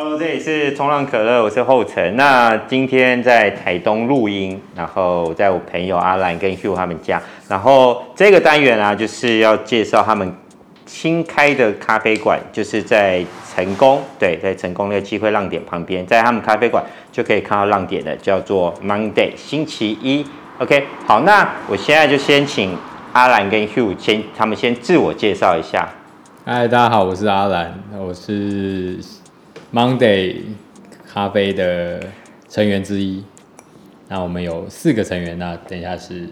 Hello，這裡是衝浪可樂，我是後成。那今天在台東錄音，然後在我朋友阿嵐跟 Hugh 他們家，然後這個單元啊，就是要介紹他們新開的咖啡館，就是在成功，對，在成功那個機會浪點旁邊，在他們咖啡館就可以看到浪點的，叫做 Monday 星期一。OK，好，那我現在就先請阿嵐跟 Hugh 先，他們先自我介紹一下。嗨，大家好，我是阿嵐，我是。Monday 咖啡的成員之一。那我們有四個成員，那等一下是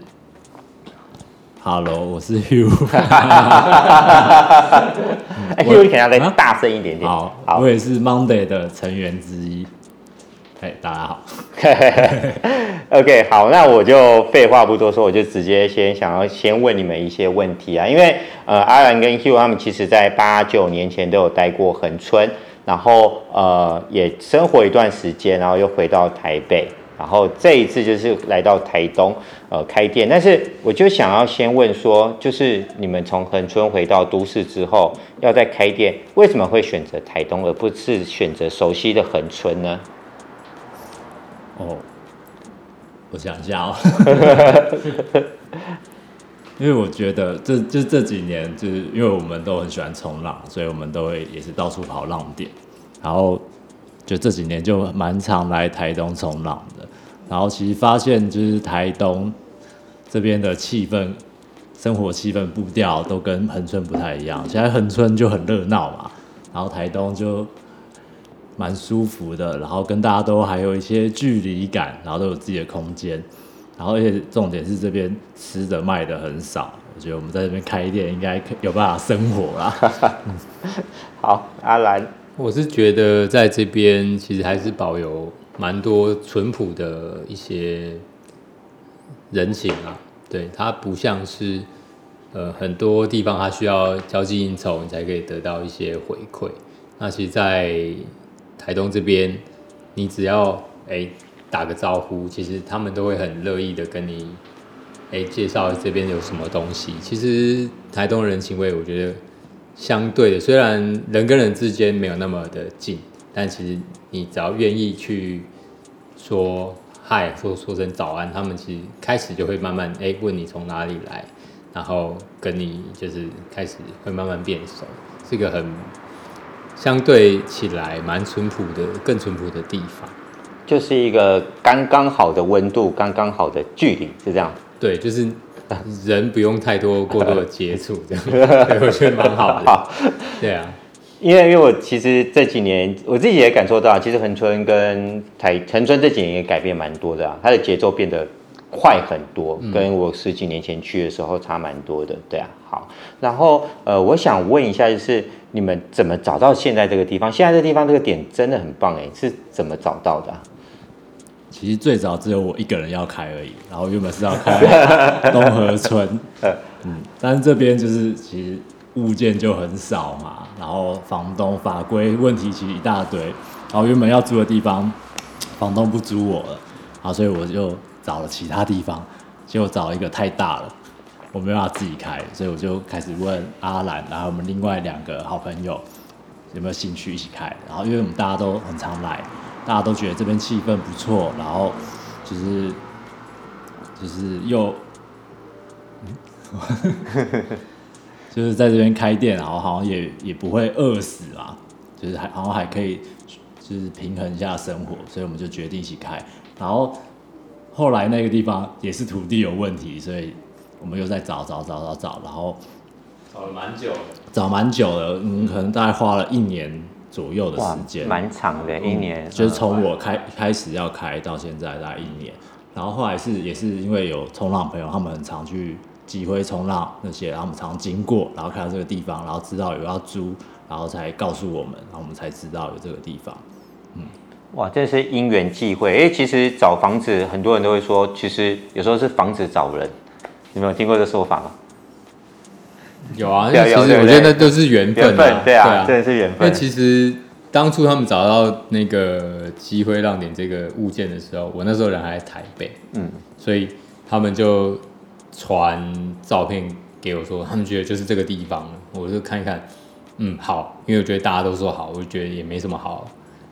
Hello，我是 Hugh。Hugh，你可要再大聲一點點。好我，呃、我也是 Monday 的成員之一。啊、大家好。 OK，好，那我就廢話不多說，我就直接先想要先問你們一些問題啊，因為呃，阿嵐跟 Hugh 他們其實在八九年前都有待過恆春。然後呃，也生活一段時間，然後又回到台北，然後這一次就是來到台東呃開店。但是我就想要先問說，就是你們從恆春回到都市之後，要再開店，為什麼會選擇台東，而不是選擇熟悉的恆春呢？哦，我想一下哦。 因為我覺得這就這幾年，就是因為我們都很喜歡衝浪，所以我們都會也是到處跑浪點，然後就這幾年就蠻常來台東衝浪的。然後其實發現就是台東這邊的氣氛、生活氣氛步調都跟恆春不太一樣。現在恆春就很熱鬧嘛，然後台東就蠻舒服的，然後跟大家都還有一些距離感，然後都有自己的空間。然後，而且重點是這邊吃的賣的很少，我覺得我們在這邊開店應該有辦法生活啦。 好，阿蘭，我是覺得在這邊其實還是保有蠻多淳樸的一些人情啊。對，它不像是呃很多地方它需要交際應酬你才可以得到一些回饋。那其實，在台東這邊，你只要哎。誒打個招呼，其實他們都會很樂意的跟你，哎，介紹這邊有什麼東西。其實台東人情味，我覺得相對的，雖然人跟人之間沒有那麼的近，但其實你只要願意去說嗨，或說聲早安，他們其實開始就會慢慢，哎，問你從哪裡來，然後跟你就是開始會慢慢變熟。是一個很相對起來蠻淳樸的、更淳樸的地方。就是一個剛剛好的溫度，剛剛好的距離，是這樣。對，就是人不用太多過多的接觸，這樣 我覺得蠻好的。好對啊，因為因為我其實這幾年我自己也感受到，其實恆春跟台恆春這幾年也改變蠻多的，啊，它的節奏變得快很多，跟我十幾年前去的時候差蠻多的。對啊，好，然後呃，我想問一下，就是你們怎麼找到現在這個地方？現在這個地方這個點真的很棒，欸，哎，是怎麼找到的，啊？其實最早只有我一個人要開而已，然後原本是要開東河村，嗯，但是這邊就是其實物件就很少嘛，然後房東法規問題其實一大堆，然後原本要租的地方房東不租我了，然後所以我就找了其他地方，結果找一個太大了，我沒有辦法自己開，所以我就開始問阿嵐，然後我們另外兩個好朋友有沒有興趣一起開，然後因為我們大家都很常來。大家都覺得這邊氣氛不錯，然後就是就是又，嗯、 就是在這邊開店，然後好像也也不會餓死啦，就是還好像還可以，就是平衡一下生活，所以我們就決定一起開。然後後來那個地方也是土地有問題，所以我們又在找找找找找，然後找了蠻久了，找蠻久了，嗯，可能大概花了一年。左右的時間，蠻長的，一年，嗯、就是從我開開始要開到現在，大概一年。然後後來是也是因為有衝浪朋友，他們很常去集會衝浪那些，然後他們常經過，然後看到這個地方，然後知道有要租，然後才告訴我們，然後我們才知道有這個地方。嗯，哇，這是因緣際會。哎、欸，其實找房子很多人都會說，其實有時候是房子找人，你有沒有聽過這說法嗎？有啊，因為其實我覺得都是緣分啊，對啊，真的是緣分。因為其實當初他們找到那個機會讓點這個物件的時候，我那時候人還在台北，嗯，所以他們就傳照片給我說，他們覺得就是這個地方，我就看一看，嗯，好，因為我覺得大家都說好，我就覺得也沒什麼好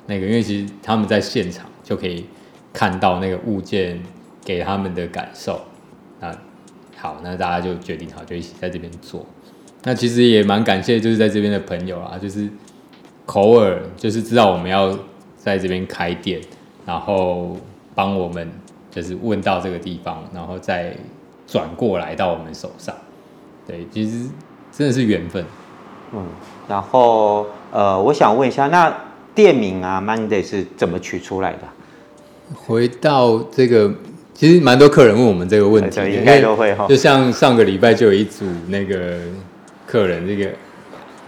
那個，因為其實他們在現場就可以看到那個物件給他們的感受。那好，那大家就決定好，就一起在這邊做。那其實也蠻感謝，就是在這邊的朋友啊，就是口耳，就是知道我們要在這邊開店，然後幫我們就是問到這個地方，然後再轉過來到我們手上。對，其實真的是緣分。嗯，然後呃，我想問一下，那店名啊，Monday 是怎麼取出來的？回到這個，其實蠻多客人問我們這個問題，應該都會哈、哦就像上個禮拜就有一組那個。客人這個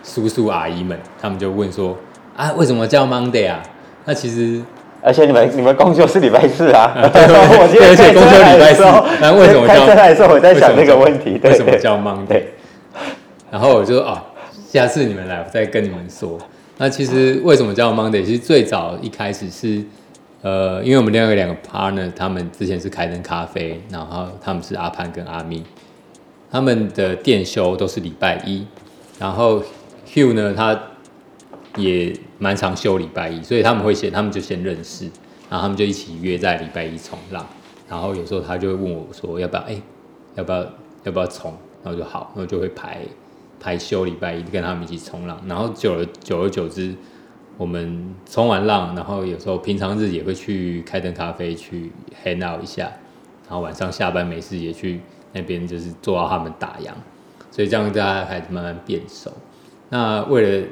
叔叔阿姨們，他們就問說啊，為什麼叫 Monday 啊？那其實，而且你們你們公休是禮拜四啊？啊對，對， 我而且公休禮拜四。那為什麼叫？開始的時候我在想這個問題，為什麼叫 Monday？對然後我就說啊，下次你們來，我再跟你們說。那其實為什麼叫 Monday？其實最早一開始是呃，因為我們另外兩個，個 partner 他們之前是開燈咖啡，然後他們是阿潘跟阿蜜。他們的店休都是禮拜一，然後 Hugh 呢，他也蠻常休禮拜一，所以他們會先，他們就先認識，然後他們就一起約在禮拜一衝浪，然後有時候他就會問我說，要不要哎、欸，要不要要不要衝，然後就好，然後就會排排休禮拜一跟他們一起衝浪，然後久了久而久之，我們衝完浪，然後有時候平常日也會去開燈咖啡去 hang out 一下，然後晚上下班沒事也去。那邊就是做到他們打烊，所以這樣大家還慢慢變熟。那為了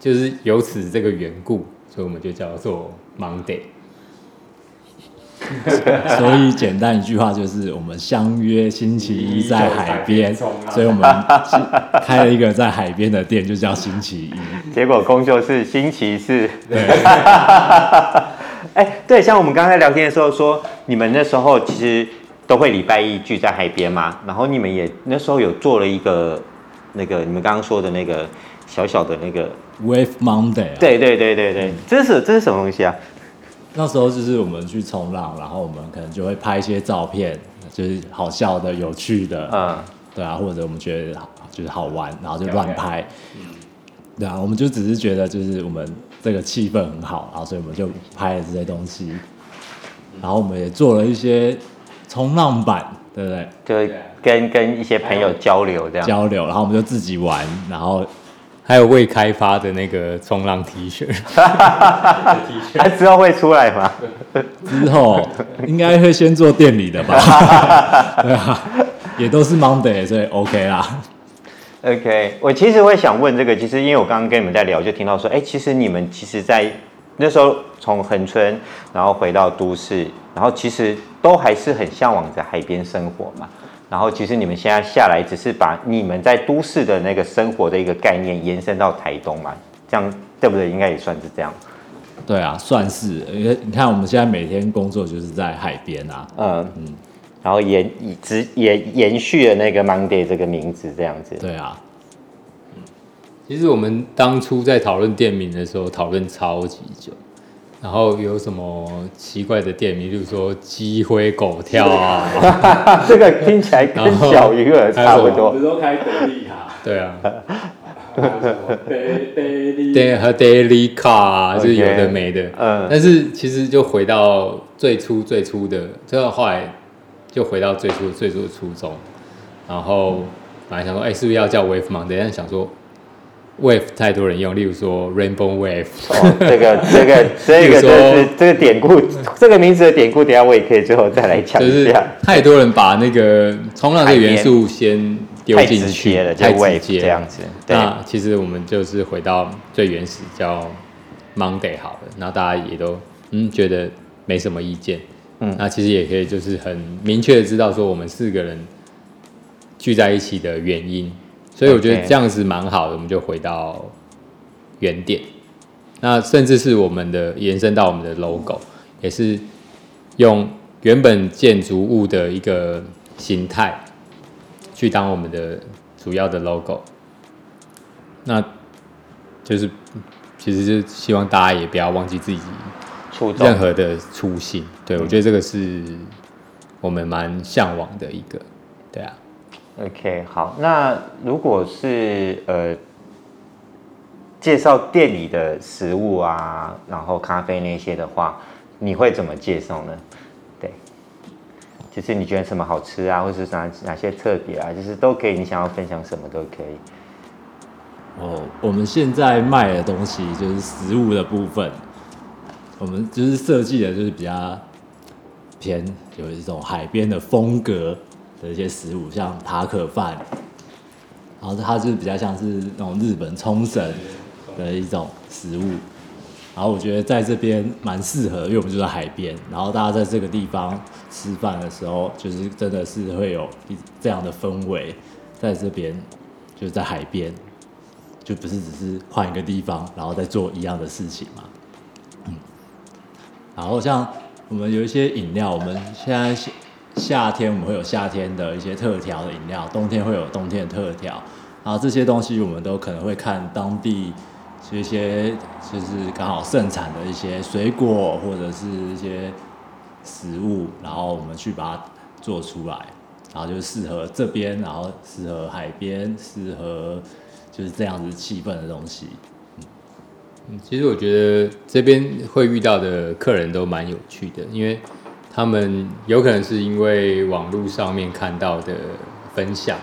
就是由此這個緣故，所以我們就叫做 Monday。所以簡單一句話就是，我們相約星期一在海邊，所以我們開了一個在海邊的店，就叫星期一。結果工作是星期四。哎，對，像我們剛才聊天的時候說，你們那時候其實。都會禮拜一聚在海邊嗎？然後你們也那時候有做了一個那個你們剛剛說的那個小小的那個 Wave Monday 對。對對對對對，對對嗯、這是這是什麼東西啊？那時候就是我們去衝浪，然後我們可能就會拍一些照片，就是好笑的、有趣的嗯，對啊，或者我們覺得就是好玩，然後就亂拍。Okay. 對啊，我們就只是覺得就是我們這個氣氛很好，然後所以我們就拍了這些東西，然後我們也做了一些。衝浪板，對不對？就是跟跟一些朋友交流這樣。交流，然後我們就自己玩，然後還有未開發的那個衝浪 T 恤，T 恤，之後會出來嗎？之後應該會先做店裡的吧， 對啊，也都是 Monday，所以 OK 啦。OK，我其實會想問這個，其實因為我剛剛跟你們在聊，就聽到說，哎、欸，其實你們其實在。那時候從恆春，然後回到都市，然後其實都還是很向往在海邊生活嘛。然後其實你們現在下來，只是把你們在都市的那個生活的一個概念延伸到台東嘛。這樣對不對？應該也算是這樣。對啊，算是。因為你看，我們現在每天工作就是在海邊啊。嗯嗯。然後延一直延延續了那個 Monday 這個名字這樣子。對啊。其實我們當初在討論店名的時候，討論超級久，然後有什麼奇怪的店名，例如說雞飛狗跳啊，哈哈，這個聽起來跟小魚兒差不多，只說開卡、啊，對啊，和 Daily 卡，就是有的沒的，嗯，但是其實就回到最初最初的，這個後來就回到最初最初的初衷，然後本來想說，哎、欸，是不是要叫 Wave Monday，等一下想說。Wave 太多人用，例如說 Rainbow Wave， 哦，這個、這個、這個、就是、這是這個典故，這個名字的典故，等下我也可以最後再來講。就是太多人把那個衝浪的元素先丟進去，太直接了，就太直接這樣子。對那其實我們就是回到最原始叫 Monday 好了，那大家也都嗯覺得沒什麼意見，嗯，那其實也可以就是很明確的知道說我們四個人聚在一起的原因。所以我覺得這樣子蠻好的，Okay. 我們就回到原點，那甚至是我們的延伸到我們的 logo，也是用原本建築物的一個形態去當我們的主要的 logo。那就是，其實就希望大家也不要忘記自己任何的初心。動對，我覺得這個是我們蠻嚮往的一個，對啊。OK，好，那如果是呃，介紹店裡的食物啊，然後咖啡那些的話，你會怎麼介紹呢？對，就是你覺得什麼好吃啊，或是哪哪些特別啊，就是都可以，你想要分享什麼都可以。哦，我們現在賣的東西就是食物的部分，我們就是設計的就是比較偏，有一種海邊的風格。的一些食物，像塔可飯，然後它就是比較像是那種日本沖繩的一種食物，嗯，然後我覺得在這邊蠻適合，因為我們就在海邊，然後大家在這個地方吃飯的時候，就是真的是會有這樣的氛圍，在這邊就是在海邊，就不是只是換一個地方，然後再做一樣的事情嘛，嗯，然後像我們有一些飲料，我們現在。夏天我們會有夏天的一些特調的飲料，冬天會有冬天的特調，然後這些東西我們都可能會看當地一些就是剛好盛產的一些水果或者是一些食物，然後我們去把它做出來，然後就適合這邊，然後適合海邊，適合就是這樣子氣氛的東西。嗯，其實我覺得這邊會遇到的客人都蠻有趣的，因為。他們有可能是因為網絡上面看到的分享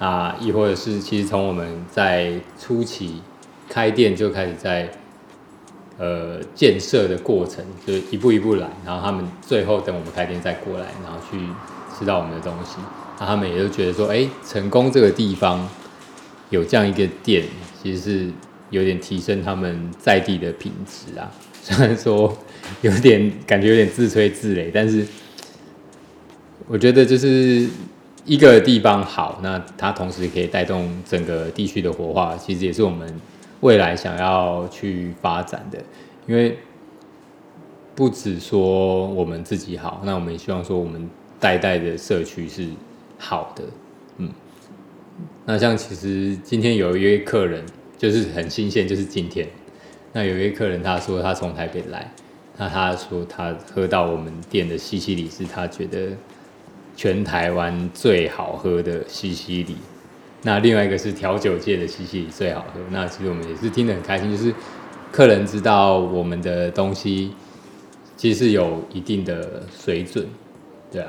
啊，亦或者是其實從我們在初期開店就開始在呃建設的過程，就是一步一步來，然後他們最後等我們開店再過來，然後去吃到我們的東西，那、啊、他們也就覺得說，哎、欸，成功這個地方有這樣一個店，其實是有點提升他們在地的品質啊，雖然說。有點感覺有點自吹自擂，但是我覺得就是一個地方好，那它同時可以帶動整個地區的活化，其實也是我們未來想要去發展的。因為不只說我們自己好，那我們也希望說我們代代的社區是好的。嗯，那像其實今天有一位客人，就是很新鮮，就是今天，那有一位客人他說他從台北來。那他說他喝到我們店的西西里是他覺得全台灣最好喝的西西里，那另外一個是調酒界的西西里最好喝。那其實我們也是聽得很開心，就是客人知道我們的東西其實是有一定的水準，對啊，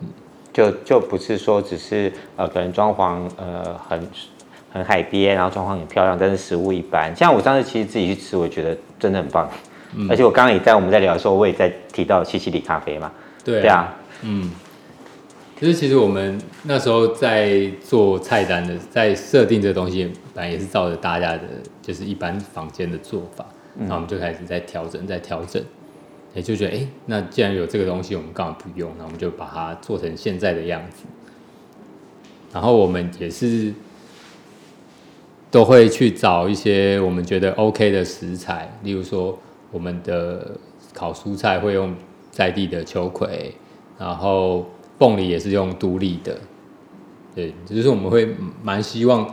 嗯，就就就不是說只是呃可能裝潢呃很很海邊，然後裝潢很漂亮，但是食物一般。像我上次其實自己去吃，我覺得真的很棒。而且我剛剛也在我們在聊的時候，我也在提到西西里咖啡嘛，對呀、啊。嗯，其、就、實、是、其實我們那時候在做菜單的，在設定這個東西，本來也是照着大家的，就是一般房間的做法，那我們就開始在調整，在調整，也、欸、就覺得哎、欸，那既然有這個東西，我們剛好不用，那我們就把它做成現在的樣子。然後我們也是都會去找一些我們覺得 OK 的食材，例如說。我們的烤蔬菜會用在地的秋葵，然後鳳梨也是用獨立的，對，就是我們會蠻希望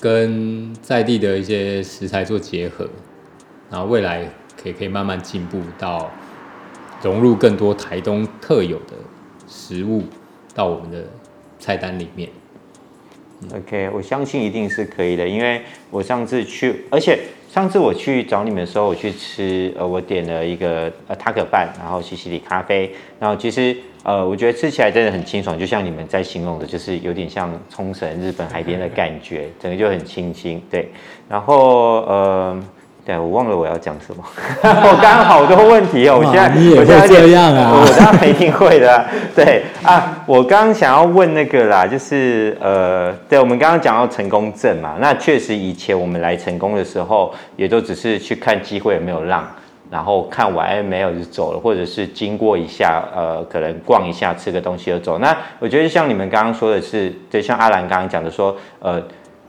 跟在地的一些食材做結合，然後未來可以可以慢慢進步到融入更多台東特有的食物到我們的菜單裡面。嗯、OK，我相信一定是可以的，因為我上次去，而且。上次我去找你們的時候，我去吃，呃，我點了一個呃塔可飯，然後西西里咖啡，然後其實，呃，我覺得吃起來真的很清爽，就像你們在形容的，就是有點像沖繩日本海邊的感覺，okay, okay. 整個就很清新，對，然後，嗯、呃。對，我忘了我要講什麼。我 剛好多問題哦， 我現在我現在這樣啊，我，現在我當然一定會的。對啊，我剛剛想要問那個啦，就是呃，對，我們剛剛講到成功證嘛，那確實以前我們來成功的時候，也都只是去看機會有沒有浪，然後看完沒有就走了，或者是經過一下，呃，可能逛一下吃個東西就走。那我覺得像你們剛剛說的是，對像阿蘭剛剛講的說，呃。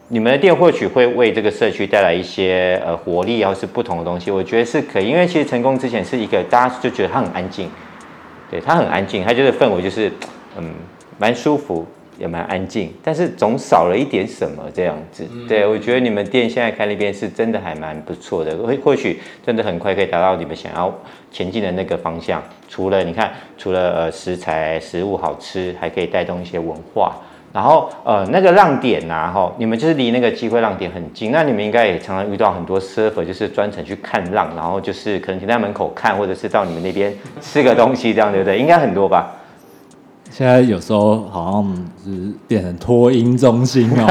你們的店或許會為這個社區帶來一些呃活力，或是不同的東西。我覺得是可以，因為其實成功之前是一個大家就覺得它很安靜，對，它很安靜，它覺得氛圍就是嗯蠻舒服，也蠻安靜，但是總少了一點什麼這樣子。對，我覺得你們店現在開那邊是真的還蠻不錯的，或或許真的很快可以達到你們想要前進的那個方向。除了你看，除了呃食材食物好吃，還可以帶動一些文化。然後呃那個浪點吶，吼，你們就是離那個機會浪點很近，那你們應該也常常遇到很多 surfer 就是專程去看浪，然後就是可能停在門口看，或者是到你們那邊吃個東西，這樣對不對？應該很多吧。現在有時候好像就是變成托嬰中心哦，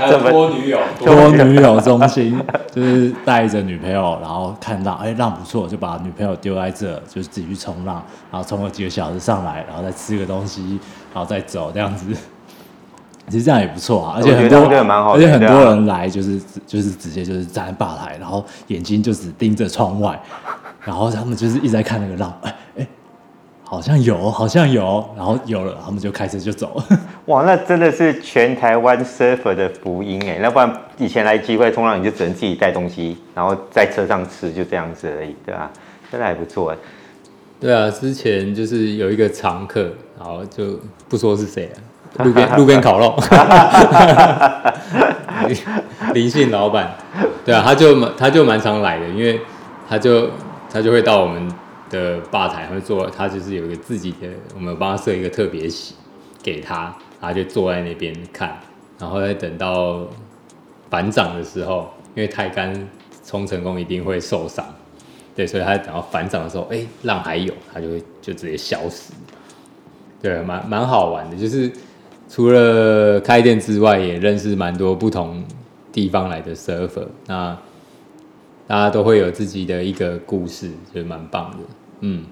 還有托 女友麼拖女友中心， 就是帶着女朋友，然後看到哎浪不錯，就把女朋友丟在這，就是自己去衝浪，然後衝了幾個小時上來，然後再吃個東西。然後再走這樣子，其實這樣也不錯啊，而且很多，而且很多人來就是就是直接就是站在吧台，然後眼睛就只盯着窗外，然後他們就是一直在看那個浪，哎哎，好像有，好像有，然後有了，他們就開車就走，哇，那真的是全台灣 surfer 的福音哎，要不然以前來機會衝浪你就只能自己帶東西，然後在車上吃就這樣子而已，對吧？真的還不錯，對啊，之前就是有一個常客。好，就不說是誰了。路邊路邊烤肉，哈哈哈！林信老板，對啊，他就他就蠻常來的，因為他就他就會到我們的吧台，會坐，他就是有一個自己的，我們幫他設一個特別席給他，他就坐在那邊看，然後再等到反掌的時候，因為太乾衝成功一定會受傷，對，所以他等到反掌的時候，哎、欸，浪還有，他就會就直接消失。對，蠻蠻好玩的，就是除了開店之外，也認識蠻多不同地方來的 surfer，那大家都會有自己的一個故事，就是、蠻棒的。嗯。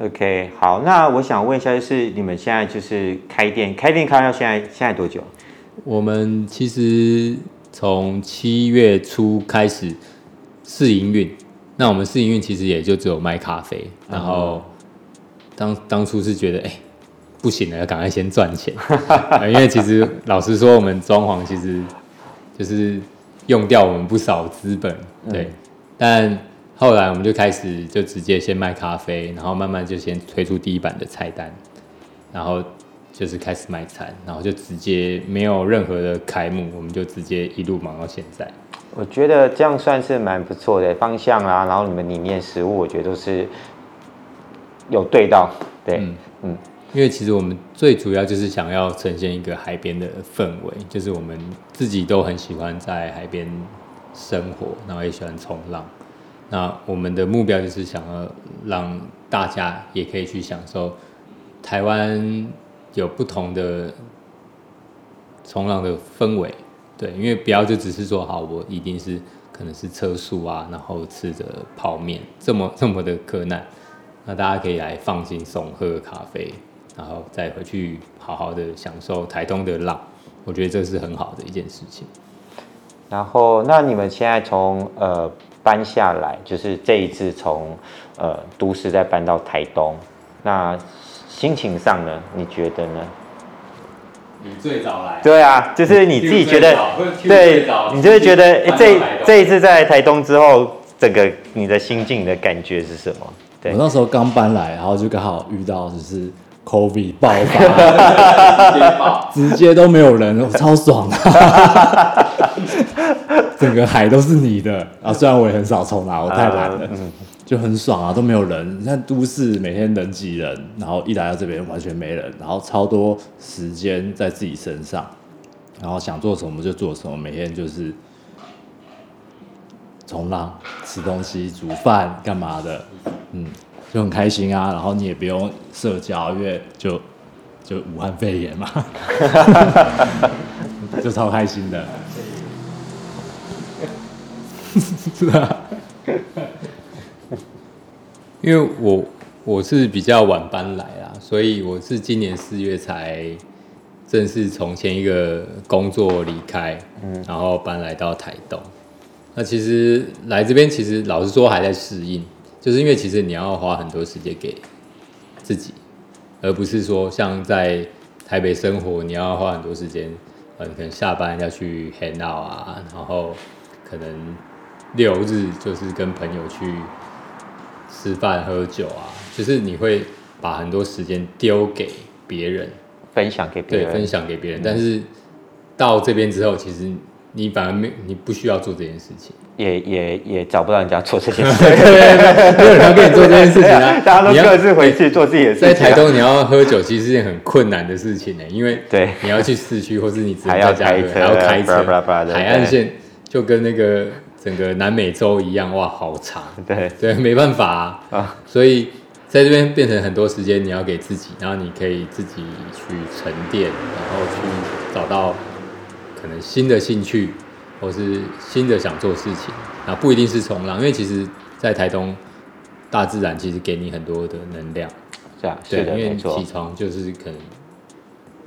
OK，好，那我想問一下，就是你們現在就是開店，開店開到現在現在多久？我們其實從七月初開始試營運，那我們試營運其實也就只有賣咖啡，嗯、哼然後。當當初是覺得哎、欸，不行了，要趕快先賺錢， 因為其實老實說，我們裝潢其實就是用掉我們不少資本，對。嗯、但後來我們就開始就直接先賣咖啡，然後慢慢就先推出第一版的菜單，然後就是開始賣餐，然後就直接沒有任何的開幕，我們就直接一路忙到現在。我覺得這樣算是蠻不錯的方向啦，然後你們裡面的食物，我覺得都是。有對到，對，嗯嗯，嗯，因為其實我們最主要就是想要呈現一個海邊的氛圍，就是我們自己都很喜歡在海邊生活，然後也喜歡衝浪，那我們的目標就是想要讓大家也可以去享受台灣有不同的衝浪的氛圍，對，因為不要就只是說好，我一定是可能是車速啊，然後吃着泡麵這麼這麼的困難。那大家可以來放心鬆，喝咖啡，然後再回去好好的享受台東的浪，我覺得這是很好的一件事情。然後，那你們現在從呃搬下來，就是這一次從呃都市再搬到台東，那心情上呢，你覺得呢？你最早來？對啊，就是你自己覺得，對你就會覺得這這一次在台東之後，整個你的心境的感覺是什麼？對我那時候剛搬來，然後就剛好遇到就是 COVID 爆發， 直接爆。直接都沒有人，我超爽的啊！ 整個海都是你的啊！雖然我也很少衝啊，我太懶了，uh, 就很爽啊！都沒有人，你看都市每天人擠人，然後一來到這邊完全沒人，然後超多時間在自己身上，然後想做什麼就做什麼，每天就是。衝浪、吃東西、煮飯、幹嘛的，嗯，就很開心啊。然後你也不用社交，因為就就武漢肺炎嘛， 就超開心的。是啊，因為我我是比較晚搬來啦，所以我是今年四月才正式從前一個工作離開，然後搬來到台東。那其實來這邊，其實老實說還在適應，就是因為其實你要花很多時間給自己，而不是說像在台北生活，你要花很多時間，可能下班要去 hang out 啊，然後可能六日就是跟朋友去吃飯喝酒啊，就是你會把很多時間丟給別人，分享給別人，對，分享給別人，但是到這邊之後，其實。你反而沒，你不需要做這件事情，也也也找不到人家做這件事情，沒有人要跟你做這件事情啊！大家都各自回去做自己的事。在台東，你要喝酒其實是件很困難的事情呢，因為對，你要去市區，或是你還要開車，還要開車。海岸線就跟那個整個南美洲一樣，哇，好長，對對，沒辦法啊，所以在這邊變成很多時間，你要給自己，然後你可以自己去沉澱，然後去找到。可能新的興趣，或是新的想做事情，那不一定是衝浪，因為其實在台東，大自然其實給你很多的能量，這樣對，的因為起床就是可能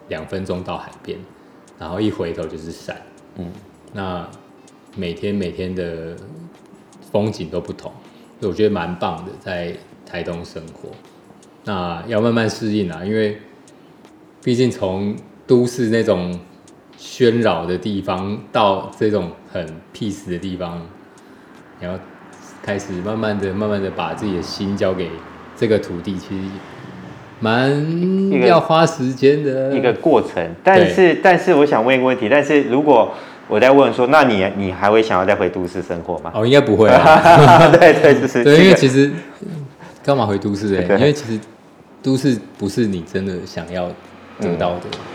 兩分鐘到海邊，然後一回頭就是山，嗯，那每天每天的風景都不同，所以我覺得蠻棒的，在台東生活。那要慢慢適應啊，因為畢竟從都市那種。喧擾的地方，到這種很 peace 的地方，然後開始慢慢的、慢慢的把自己的心交給這個土地，其實蠻要花時間的一個,一個過程。但是，對但是我想問一個問題，但是如果我在問說，那你你還會想要再回都市生活嗎？哦，應該不會、啊。 對對，就是對，因為其實 幹嘛回都市嘞、欸？因為其實都市不是你真的想要。嗯、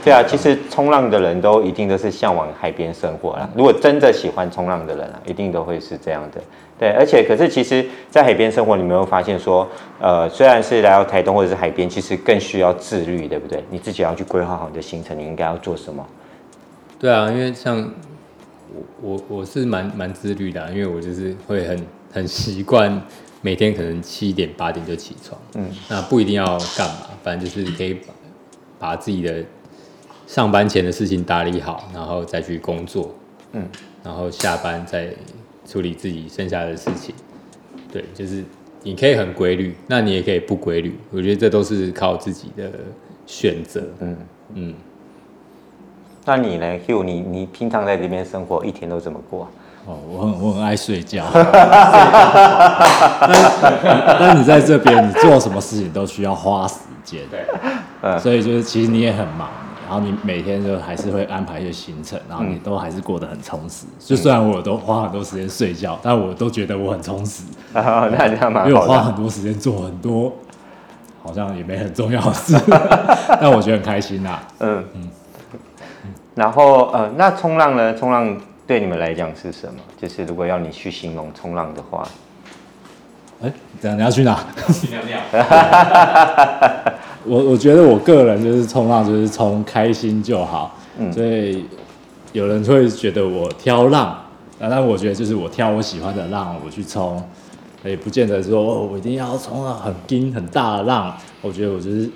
對啊，嗯、其實衝浪的人都一定都是向往海邊生活啦。嗯、如果真的喜歡衝浪的人啊，一定都會是這樣的。對，而且可是其實，在海邊生活，你有沒有發現說，呃，雖然是來到台東或者是海邊，其實更需要自律，對不對？你自己要去規劃好你的行程，你應該要做什麼。對啊，因為像我我我是蠻蠻自律的、啊，因為我就是會很很習慣每天可能七點八點就起床，嗯，那不一定要幹嘛，反正就是可以。把自己的上班前的事情打理好，然後再去工作，嗯、然後下班再處理自己剩下的事情。對，就是你可以很規律，那你也可以不規律。我覺得這都是靠自己的選擇。嗯嗯。嗯，那你呢？Hugh，你你平常在這邊生活，一天都怎麼過？哦，我很我很愛睡覺。但你在這邊，你做什麼事情都需要花時間。對。嗯、所以就是，其實你也很忙，然後你每天就還是會安排一些行程，然後你都還是過得很充實。嗯、就雖然我都花很多時間睡覺，但我都覺得我很充實。那這樣蠻好。因為我花很多時間做很多，好像也沒很重要的事， 但我覺得很開心吶、啊。嗯，嗯然後呃，那衝浪呢？衝浪對你們來講是什麼？就是如果要你去形容衝浪的話，哎、欸，等一下你要去哪？我我覺得我個人就是衝浪，就是衝開心就好。嗯、所以有人會覺得我挑浪，那那我覺得就是我挑我喜歡的浪，我去衝，也不見得說我一定要衝、啊、很驚很大的浪。我覺得我就是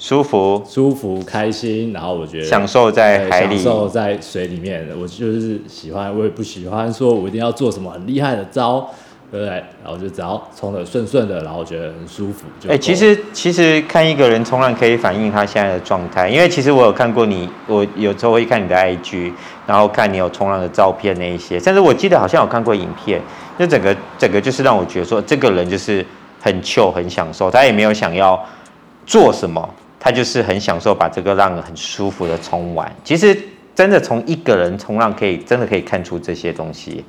舒服、舒服、開心，然後我覺得享受在海裡、享受在水裡面。我就是喜歡，我也不喜歡說我一定要做什麼很厲害的招。對，然後就只要衝的順順的，然後覺得很舒服。哎、欸，其實其實看一個人衝浪可以反映他現在的狀態，因為其實我有看過你，我有時候會看你的 IG，然後看你有衝浪的照片那一些，但是我記得好像有看過影片，那整個整個就是讓我覺得說，這個人就是很 chill 很享受，他也沒有想要做什麼，他就是很享受把這個浪很舒服的衝完。其實真的從一個人衝浪可以真的可以看出這些東西。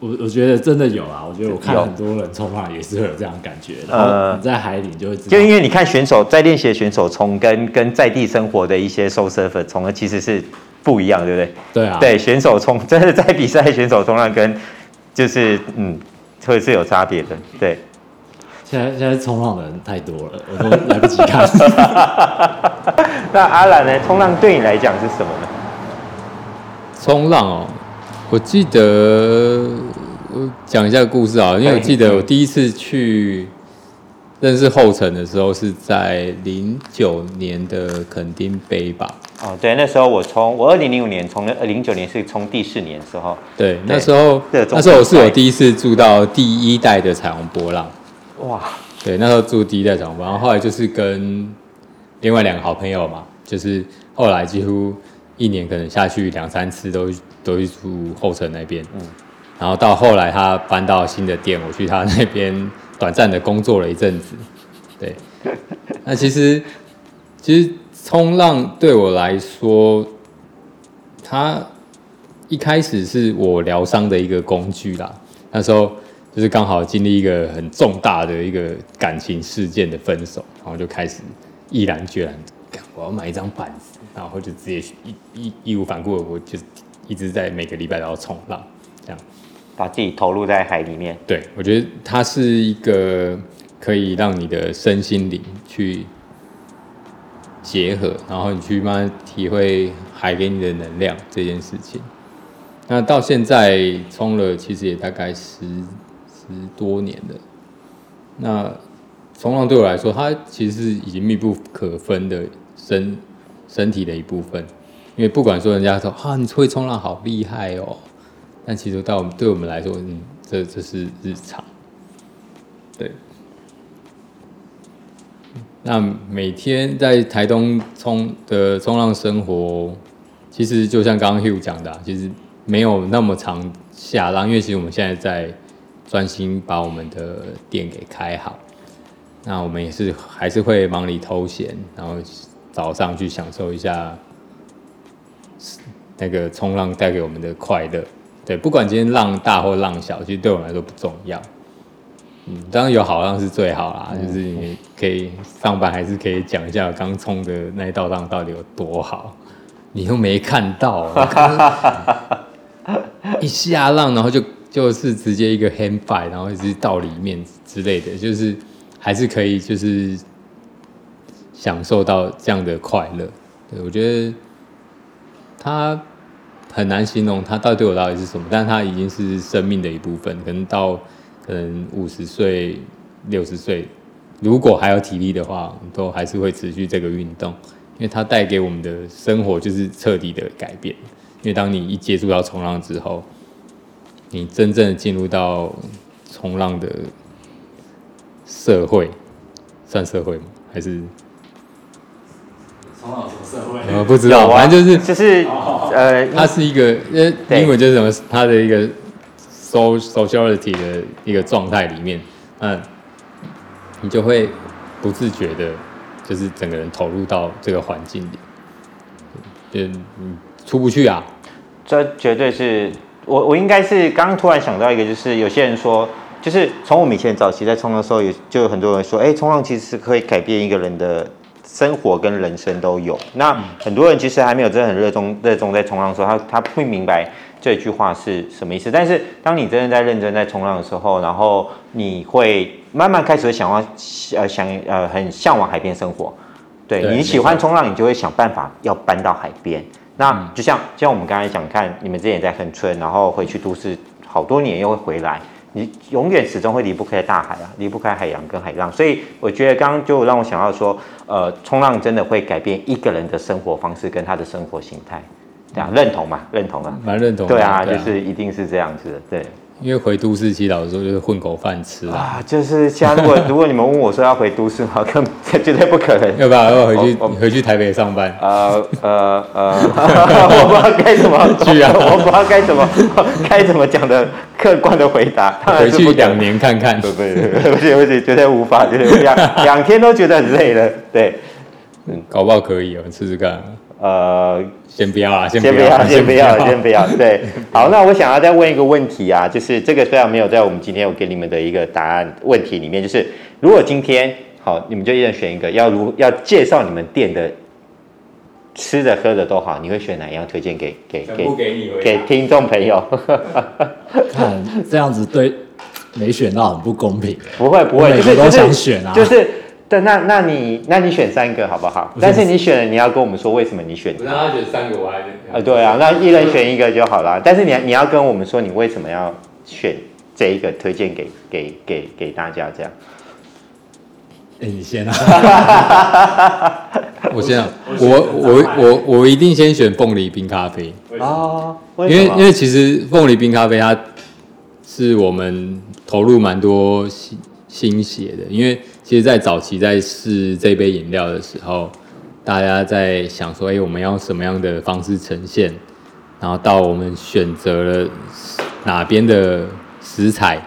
我我覺得真的有啊，我覺得我看很多人衝浪也是會有這樣感覺，嗯有，在海裡就會知道，嗯、就因為你看選手在練習選手衝跟跟在地生活的一些 soul surfer 衝浪其實是不一樣，對不對？對啊，對選手衝真的在比賽選手衝浪跟就是嗯會是有差別的，對。現在現在衝浪的人太多了，我都來不及看。 那阿嵐呢？衝浪對你來講是什麼呢？衝浪哦。我記得，我講一下故事啊，因為我記得我第一次去認識後成的時候是在零九年的墾丁杯吧。哦，對，那時候我從我二零零五年從呃，零九年是從第四年的時候，對，對那時候那時候我是我第一次住到第一代的彩虹波浪。哇，對，那時候住第一代彩虹波浪，然後後來就是跟另外兩個好朋友嘛，就是後來幾乎一年可能下去兩三次都。都去住後成那邊，嗯，然後到後來他搬到新的店，我去他那邊短暫的工作了一陣子，對，那其實其實衝浪對我來說，他一開始是我療傷的一個工具啦，那時候就是剛好經歷一個很重大的一個感情事件的分手，然後就開始毅然決然，我要買一張板子，然後就直接一一一義義義無反顧的，我就。一直在每個禮拜都要衝浪，這樣把自己投入在海裡面。對，我覺得它是一個可以讓你的身心靈去結合，然後你去慢慢體會海給你的能量這件事情。那到現在衝了，其實也大概十十多年了。那衝浪對我來說，它其實是已經密不可分的身身體的一部分。因為不管說人家說啊，你會衝浪好厲害哦，但其實到對我們來說，嗯，這這是日常，對。那每天在台東衝的衝浪生活，其實就像剛剛 Hugh 講的，其實沒有那麼常下浪，因為其實我們現在在專心把我們的店給開好。那我們也是還是會忙裡偷閒，然後早上去享受一下。那個衝浪帶給我們的快樂，對，不管今天浪大或浪小，其實對我們來說不重要。嗯，當然有好浪是最好啦，就是你可以上班還是可以講一下剛衝的那一道浪到底有多好。你又沒看到，啊，一下浪然後就就是直接一個 hand fight 然後一直到裡面之類的，就是還是可以就是享受到這樣的快樂。對，我覺得。它很難形容它到底對我到底是什麼，但他它已經是生命的一部分。可能到可能五十歲、六十歲，如果還有體力的話，都還是會持續這個運動，因為它帶給我們的生活就是徹底的改變。因為當你一接觸到衝浪之後，你真正進入到衝浪的社會，算社會嗎？還是？衝浪從社會，呃、嗯，不知道，反正就是就是，呃，它是一個，呃，英文就是什麼，它的一個 sociality 的一個狀態裡面，嗯，你就會不自覺的，就是整個人投入到這個環境裡，也、嗯、出不去啊。這絕對是，我我應該是剛剛突然想到一個，就是有些人說，就是從我們以前早期在衝浪的時候有，有就有很多人說，哎，衝浪其實是可以改變一個人的。生活跟人生都有。那很多人其實還沒有真的很熱衷熱衷在衝浪的時候，他他不明白這句話是什麼意思。但是當你真的在認真在衝浪的時候，然後你會慢慢開始想要想呃想呃很嚮往海邊生活。對，對你喜歡衝浪，你就會想辦法要搬到海邊。那就像就、嗯、像我們剛才講，看你們之前也在恆春，然後回去都市好多年又會回來。你永遠始終會離不開大海啊，離不開海洋跟海浪，所以我覺得剛剛就讓我想到說，呃，衝浪真的會改變一個人的生活方式跟他的生活形態，這樣、啊、認同嗎？認同嗎？蠻、嗯、認同的，對啊，就是一定是這樣子的，對。因為回都市其實老實說，就是混口飯吃啊，啊。就是像如果如果你們問我說要回都市嗎？更 絕對不可能。要不要？要，要回去、哦、你回去台北上班？啊，啊，啊，我不知道該怎麼去啊，居然 我不知道該怎麼該 怎麼講的客觀的回答。回去兩年看看，對不對，對？回去絕對無法，就是兩兩天都覺得很累了。對、嗯，搞不好可以啊，試試看。呃，先不要啊，先不要、啊，先不要、啊，先不要。對，啊、好，那我想要再問一個問題啊，就是這個雖然沒有在我們今天我給你們的一個答案問題裡面，就是如果今天好，你們就一人選一個，要如要介紹你們店的吃的喝的都好，你會選哪樣推薦給給給給，給聽眾朋友？ 看這樣子對沒選到很不公平，不會不會，每個都想選啊，就是。就是對，那那你那你選三個好不好？先但是你選了，你要跟我們說為什麼你選、這個。那他選三個，我還選。啊，對啊，那一人選一個就好了。就是、但是你你要跟我們說，你為什麼要選這一個，推薦給給給給大家這樣。欸、你先啊！ 我先啊！我我我我,我,我一定先選鳳梨冰咖啡。為什麼？啊、為什麼？因為因為其實鳳梨冰咖啡它是我們投入蠻多心心血的，因為。其實，在早期在試這杯飲料的時候，大家在想說，誒，我們要用什麼樣的方式呈現？然後到我們選擇了哪邊的食材，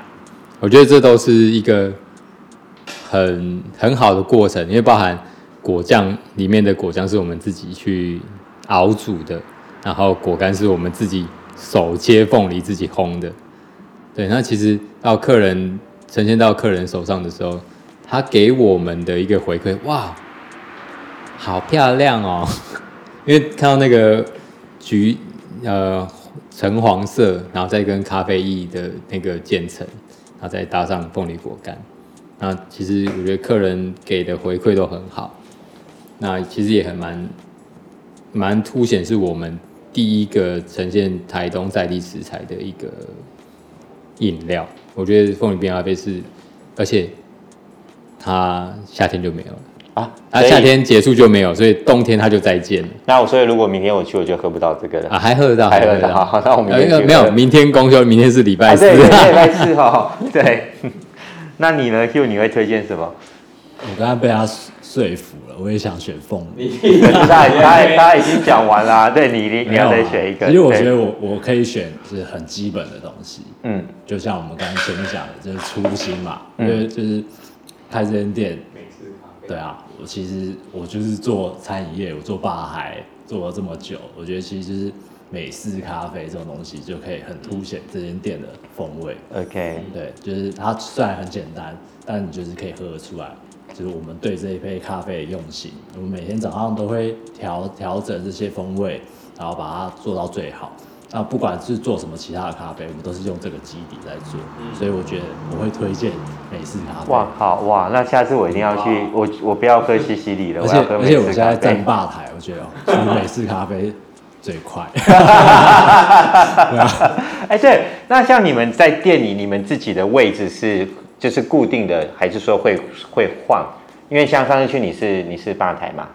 我覺得這都是一個很很好的過程，因為包含果醬裡面的果醬是我們自己去熬煮的，然後果乾是我們自己手切鳳梨自己烘的。對，那其實到客人呈現到客人手上的時候。他給我們的一個回饋，哇，好漂亮哦！ 因為看到那個橘呃橙黃色，然後再跟咖啡液的那個漸層，然後再搭上鳳梨果乾，那其實我覺得客人給的回饋都很好。那其實也很蠻蠻凸顯，是我們第一個呈現台東在地食材的一個飲料。我覺得鳳梨冰咖啡是，而且。他夏天就沒有了啊，他夏天結束就沒有，所以冬天他就再見。那我所以如果明天我去，我就喝不到這個了啊。還喝得到，還喝得到。好，那我明天沒有，明天公休，明天是禮拜四，禮拜四哈。對，那你呢？Q，你會推薦什麼？我剛才被他說服了，我也想選鳳梨。你，他，他，他已經講完了。對你，你要再選一個。因為我覺得我我可以選，是很基本的東西。嗯，就像我們剛才前面講的，就是初心嘛，因為就是。開這間店，對啊，我其實我就是做餐飲業，我做吧台做了這麼久，我覺得其實就是美式咖啡這種東西就可以很凸顯這間店的風味。OK，對，就是它雖然很簡單，但你就是可以喝得出來，就是我們對這一杯咖啡的用心。我們每天早上都會調調整這些風味，然後把它做到最好。啊，那不管是做什麼其他的咖啡，我們都是用這個基底在做，所以我覺得我會推薦美式咖啡。哇靠哇，那下次我一定要去，哇我我不要喝西西裡了，且我要喝美式咖啡。而且我現在站吧台，我覺得、喔、 美式咖啡最快。哎、 啊欸，對，那像你們在店裡，你們自己的位置是就是固定的，還是說會會晃，因為像上次去你，你是你是吧台嘛？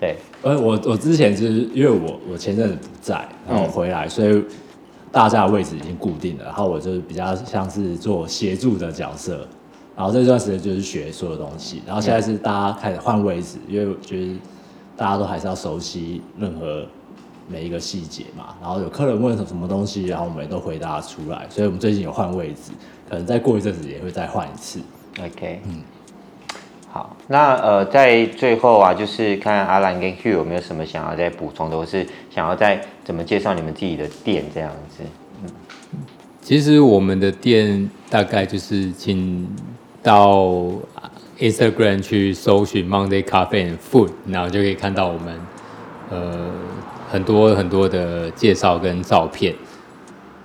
對，我我之前就是因為我我前陣子不在，然後回來，所以大家的位置已經固定了，然後我就比較像是做協助的角色，然後這段時間就是學所有東西，然後現在是大家開始換位置，因為就是覺得大家都還是要熟悉任何每一個細節嘛，然後有客人問什什麼東西，然後我們也都回答出來，所以我們最近有換位置，可能再過一陣子也會再換一次。OK，嗯。好，那呃，在最後啊，就是看阿嵐跟 Hugh 有沒有什麼想要再補充的，或是想要再怎麼介紹你們自己的店這樣子。嗯、其實我們的店大概就是請到 Instagram 去搜尋 Monday Cafe and Food，然後就可以看到我們呃很多很多的介紹跟照片。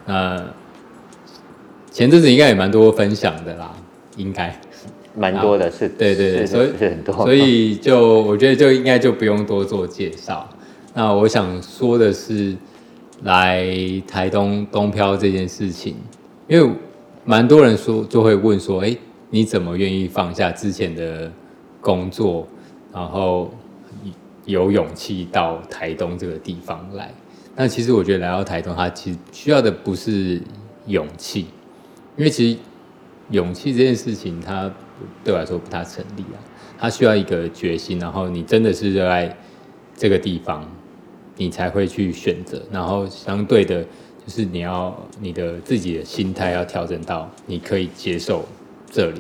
那、呃、前陣子應該也蠻多分享的啦，應該。蠻多的是、啊、對對對，所以是很多，所以就我覺得就應該就不用多做介紹。那我想說的是，來台東東漂這件事情，因為蠻多人說就會問說，哎，你怎麼願意放下之前的工作，然後有勇氣到台東這個地方來？但其實我覺得來到台東，他其實需要的不是勇氣，因為其實勇氣這件事情，他對我來說不太成立啊，他需要一個決心，然後你真的是熱愛這個地方，你才會去選擇。然後相對的，就是你要你的自己的心態要調整到你可以接受這裡，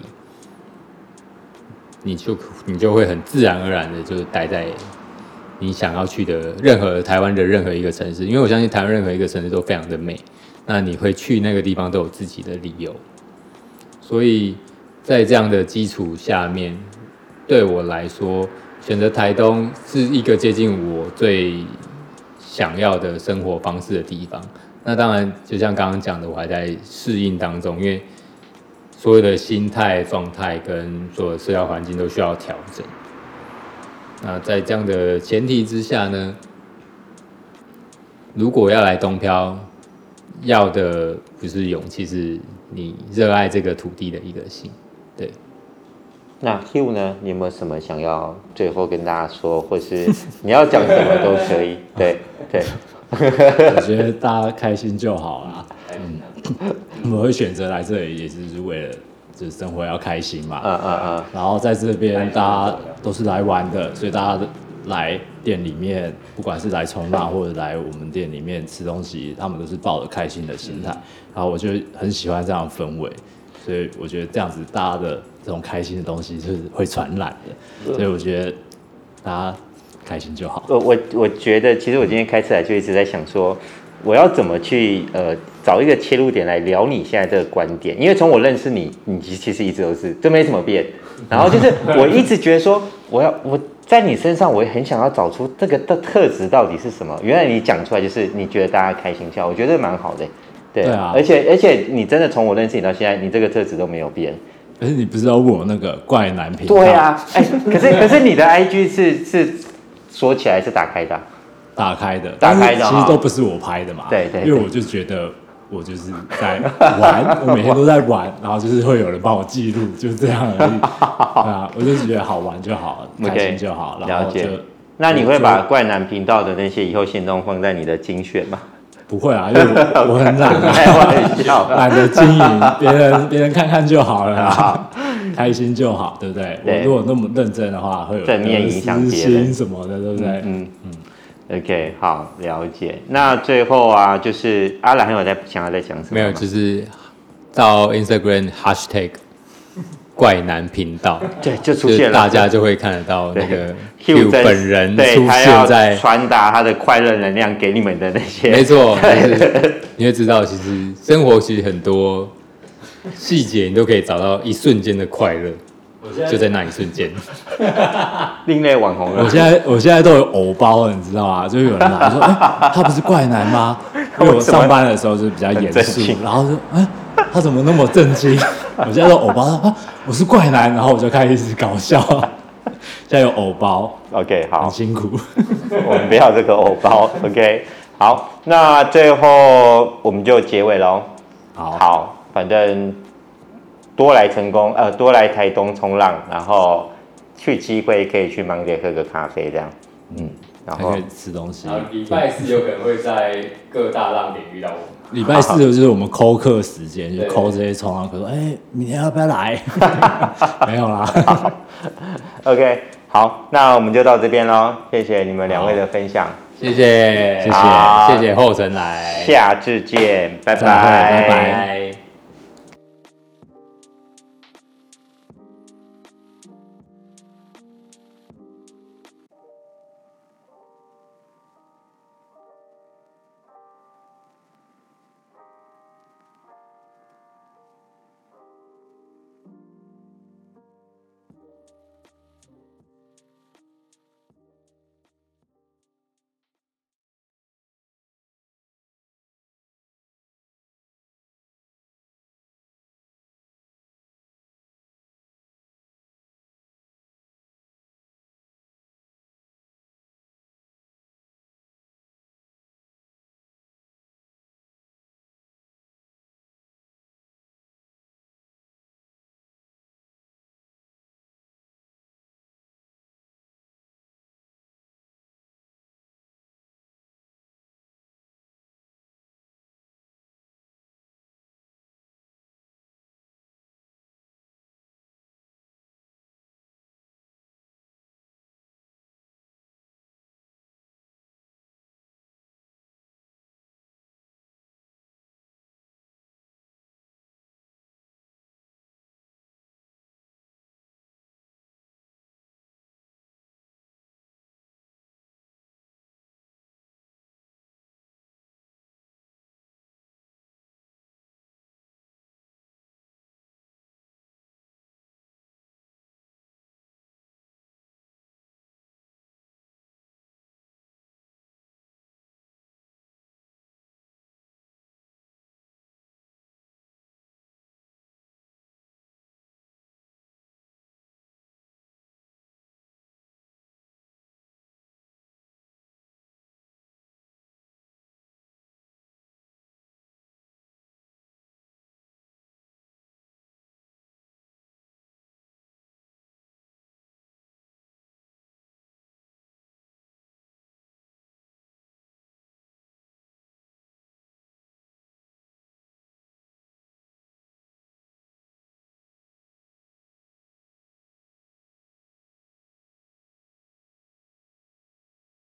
你就你就會很自然而然的就待在你想要去的任何台灣的任何一個城市，因為我相信台灣任何一個城市都非常的美，那你會去那個地方都有自己的理由，所以。在這樣的基礎下面，對我來說，選擇台東是一個接近我最想要的生活方式的地方。那當然，就像剛剛講的，我還在適應當中，因為所有的心態、狀態跟所有的社交環境都需要調整。那在這樣的前提之下呢，如果要來東漂，要的不是勇氣，是你熱愛這個土地的一個心。對，那 Hugh 呢？你有沒有什麼想要最後跟大家說，或是你要講什麼都可以。對對，我覺得大家開心就好啦。嗯，我會選擇來這裡，也是為了就是生活要開心嘛。嗯嗯嗯，然後在這邊，大家都是來玩的，所以大家來店裡面，不管是來衝浪或者來我們店裡面吃東西，他們都是抱着開心的心態。然後我就很喜歡這樣的氛圍。所以我覺得這樣子，大家的這種開心的東西就是會傳染的。所以我覺得大家開心就好。呃，我我我覺得，其實我今天開車來就一直在想說，我要怎麼去呃找一個切入點來聊你現在這個觀點。因為從我認識你，你其實一直都是這沒什麼變。然後就是我一直覺得說，我要我在你身上，我很想要找出這個的特質到底是什麼。原來你講出來就是你覺得大家開心就好，我覺得蠻好的。對,對啊，而且而且你真的從我認識你到現在，你這個特質都沒有變。而且你不知道我那個怪男頻道，對啊，哎 可是可是你的 I G 是是鎖起來，是打開的、啊，打開的，打開的，其實都不是我拍的嘛。的對,對,對對，因為我就覺得我就是在玩，我每天都在玩， 然後就是會有人幫我記錄，就是這樣而已。 對啊，我就覺得好玩就好，okay, 開心就好。就了解。就那你會把怪男頻道的那些以後限動放在你的精選嗎？不會啊，因為我很懶、啊， 開玩笑懶得經營，別人別人看看就好了、啊，好開心就好，對不對？對我如果那麼認真的話，會有正面影響，什麼的，對不對？嗯嗯，OK，好，了解。那最後啊，就是阿蘭有在想要在講什麼？沒有，就是到 Instagram hashtag。怪男頻道，對，就出現了，大家就會看得到那個對 Hugh 本人，出現在傳達他，他的快樂能量給你們的那些，沒錯，就是、 你會知道，其實生活其實很多細節，你都可以找到一瞬間的快樂，在就在那一瞬間。 另類網紅，我現在我現在都有偶包了，你知道嗎？就有人來，說、 欸，他不是怪男嗎？因為我上班的時候是比較嚴肅，然後說，欸他怎麼那麼震驚？我現在說偶包，歐、啊、巴，他我是怪男，然後我就開始一直搞笑。現在有偶包，OK，好，很辛苦。 我們不要這個偶包，OK，好。那最後我們就結尾咯。好，好，反正多來成功，呃，多來台東衝浪，然後去機會可以去 Monday 喝個咖啡，這樣。嗯，然後吃東西。好，禮拜四有可能會在各大浪點遇到我。禮拜四就是我們摳課時間，好好就摳這些衝、啊。對對對可說，哎、欸，明天要不要來？ 沒有啦。好 OK，好，那我們就到這邊嘍。謝謝你們兩位的分享，謝謝，好謝謝，好謝謝後成來，下次見，拜拜，再見，拜拜，拜拜。